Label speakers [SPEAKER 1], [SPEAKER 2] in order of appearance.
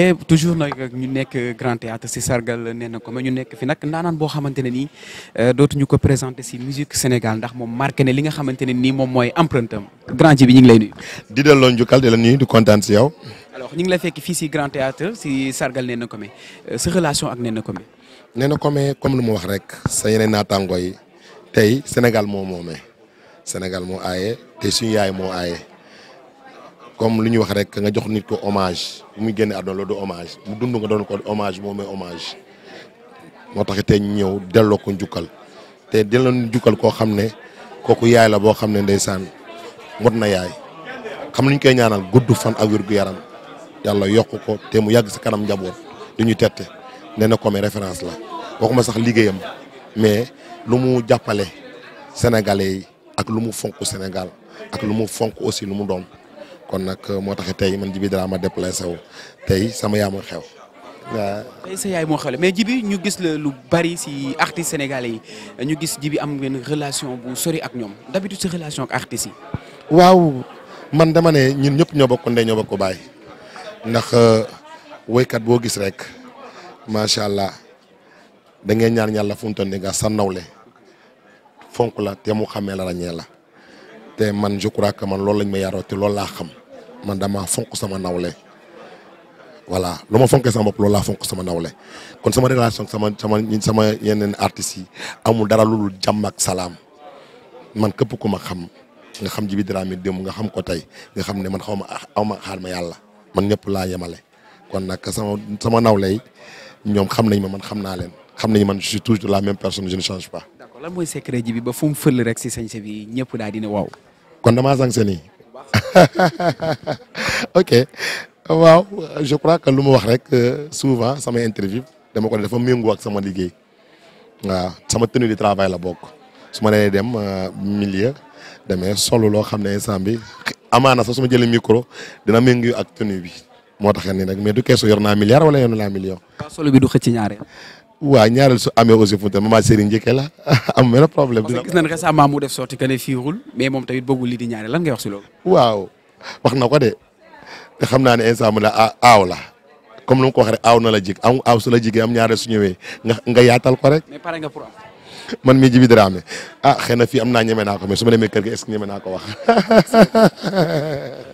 [SPEAKER 1] mais toujours nag ñu nek grand théâtre ci sargal nee comme ko mais ñu nek fi nag ndaanaan boo xamante ne euh, dootu dootuñu ko présenté si musique Sénégal ndax mom marqué né li nga xamante ni mom moy mooy grand ji bi
[SPEAKER 2] ñu ngi lay nuyu. di delloo njukkal di la nuyu du kontaan ci yow.
[SPEAKER 1] alors ñu ngi lay fekk fi ci grand théâtre ci sargal nee comme, ko mais euh, relation ak nee comme. ko mais. ko mais comme lu mu wax rek
[SPEAKER 2] sa yeneen naataangoo yi tay Sénégal mo moomee Sénégal mo ayé té suñu yaay mo ayé comme lu ñuy wax rek nga jox nit ko hommage bu muy génne àdduna loolu du hommage mu dund nga doon ko hommage moom mooy hommage moo tax tey ñëw delloo ko njukkal te delloo jukkal koo xam ne kooku yaay la boo xam ne ndeysaan mot na yaay xam nañ koy ñaanal gudd fan ak wér gu yaram yàlla yokk ko te mu yàgg si kanam njaboot du ñu tete nee na comme référence la waxuma sax liggéeyam mais lu mu jàppale sénégalais yi ak lu mu fonk Sénégal ak lu mu fonk aussi lu mu doon. kon nak euh, mo taxé tay man djibi dara ma déplacer wu tay sama yaama xew.
[SPEAKER 1] waaw tey sa yaay moo xewle mais djibi ñu gis le lu bari ci artistes sénégalais yi ñu gis djibi am ngeen relation bu sori ak ñom d'habitude sa relation ak artistes yi.
[SPEAKER 2] waaw man dama né ñun ñëpp ñoo bokk ndé ñoo bokk baay ndax euh, way kat bo gis rek macha allah da ngay ñaan yàlla fu mu toll nii nga sa nawle fonk la te mu xamé la ràññee la té man je crois que man loolu lañ ma yaro té loolu la xam man dama fonk sama nawlé voilà luma fonké sama bop loolu la fonk sama nawlé kon sama relation sama sama sama yenen artistes yi amul dara lu dul jàmm ak salaam man képp ku ma xam nga xam Djiby Dramé dem nga xam ko tay nga xam ne man xawma ma ma xaar ma yàlla man ñep la yemale kon nak sama sama nawlé ñom xam nañ ma man xam na len xam nañ man je suis toujours la même personne je ne change pas.
[SPEAKER 1] d'accord lan mooy secret ji bi ba fu mu rek si sañse bi ñëpp daal di ne waaw. kon damaa sanctionné ok waaw je crois que lu
[SPEAKER 2] wax rek euh, souvent sama interview dama ko dafa méngoo ak sama liggéey waaw sama tenue de travail la bokk su ma nee dem euh, milieu demee solo loo xam ne instant bi amaana sax micro dina méngoo ak tenue bi moo ni nag mais du milliard wala million. solo bi du waaw ñaareel su amee aussi fu mu toll maman Serigne njëkkee la am benn problème. dina gis
[SPEAKER 1] nañ récemment mu def sorti que ne fiirul mais moom tamit bëggul lii di ñaareel lan ngay wax si loolu.
[SPEAKER 2] waaw wax na ko de xam naa ne
[SPEAKER 1] instant mu ne la
[SPEAKER 2] comme lu ma ko rek aaw na la jig am aaw su la jigee am ñaareel su ñëwee nga nga yaatal ko rek. mais pare nga pour am. man mii Djiby Dramé ah xëy na fii am na ñeme naa ko mais su ma demee kër gi est ce que ñeme naa ko wax.